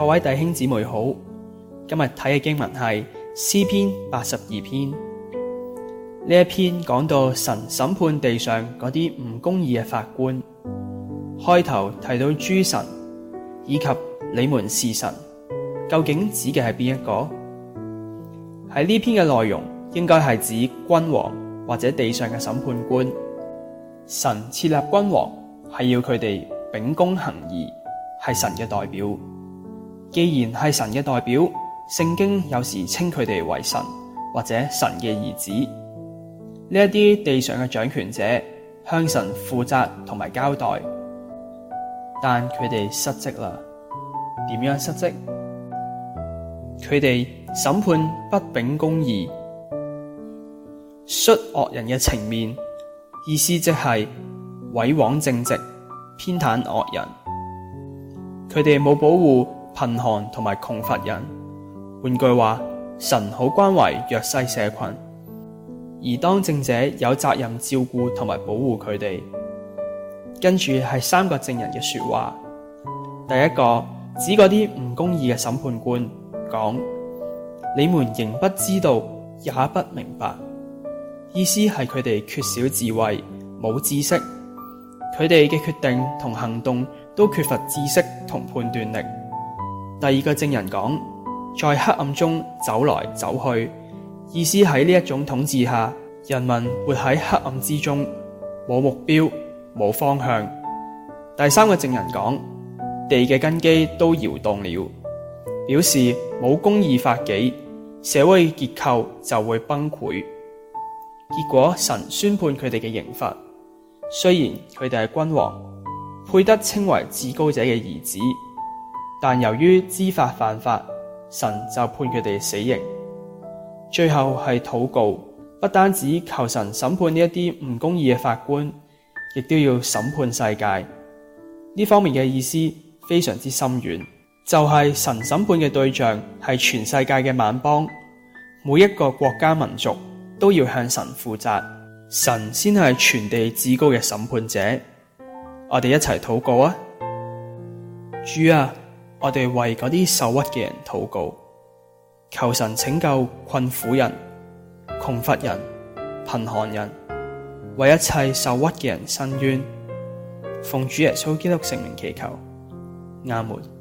各位弟兄姊妹好，今日睇嘅經文係詩篇八十二篇。呢一篇講到神審判地上嗰啲唔公義嘅法官。開頭提到諸神以及你們是神，究竟指嘅係邊一個？喺呢篇嘅內容應該係指君王或者地上嘅審判官。神設立君王係要佢哋秉公行義，係神嘅代表。既然係神嘅代表，聖經有時稱佢哋為神或者神嘅兒子，呢一啲地上嘅掌權者向神負責同埋交代，但佢哋失職啦。點樣失職？佢哋審判不秉公義，徇惡人嘅情面，意思即係屈枉正直，偏袒惡人。佢哋冇保護貧寒同埋窮乏人，換句話，神好關懷弱勢社群，而當政者有責任照顧同埋保護佢哋。跟住係三個證人嘅說話，第一個指嗰啲唔公義嘅審判官，講你們仍不知道，也不明白，意思係佢哋缺少智慧，冇知識，佢哋嘅決定同行動都缺乏知識同判斷力。第二個證人講，在黑暗中走來走去，意思喺呢一種統治下，人民活喺黑暗之中，冇目標，冇方向。第三個證人講，地嘅根基都搖動了，表示冇公義法紀，社會結構就會崩潰。結果神宣判佢哋嘅刑罰，雖然佢哋係君王，配得稱為至高者嘅兒子。但由於知法犯法，神就判佢哋死刑。最後係禱告，不單止求神審判呢一啲唔公義嘅法官，亦都要審判世界。呢方面嘅意思非常之深遠，就係神審判嘅對象係全世界嘅萬邦，每一個國家民族都要向神負責，神先係全地至高嘅審判者。我哋一齊禱告啊，主啊！我哋為嗰啲受屈嘅人禱告，求神拯救困苦人、窮乏人、貧寒人，為一切受屈嘅人伸冤。奉主耶穌基督聖名祈求，阿門。